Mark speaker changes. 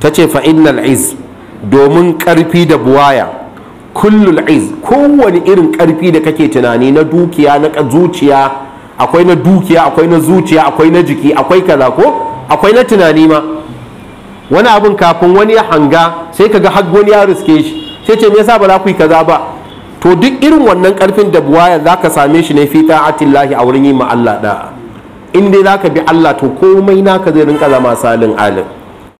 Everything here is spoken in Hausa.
Speaker 1: ta ce fa iz domin karfi da buwaya kullul iz kowane irin karfi da kake tunani na dukiya na zuciya akwai na dukiya akwai na zuciya akwai na jiki akwai kaza ko akwai na tunani ma wani abin kafin wani ya hanga sai ka ga wani ya riske shi sai ce me yasa ba za ku yi kaza ba to duk irin wannan karfin da buwaya za ka same shi ne fi ta'atillahi a wurin yi ma Allah da'a in dai za ka bi Allah to komai naka zai rinka zama salin alin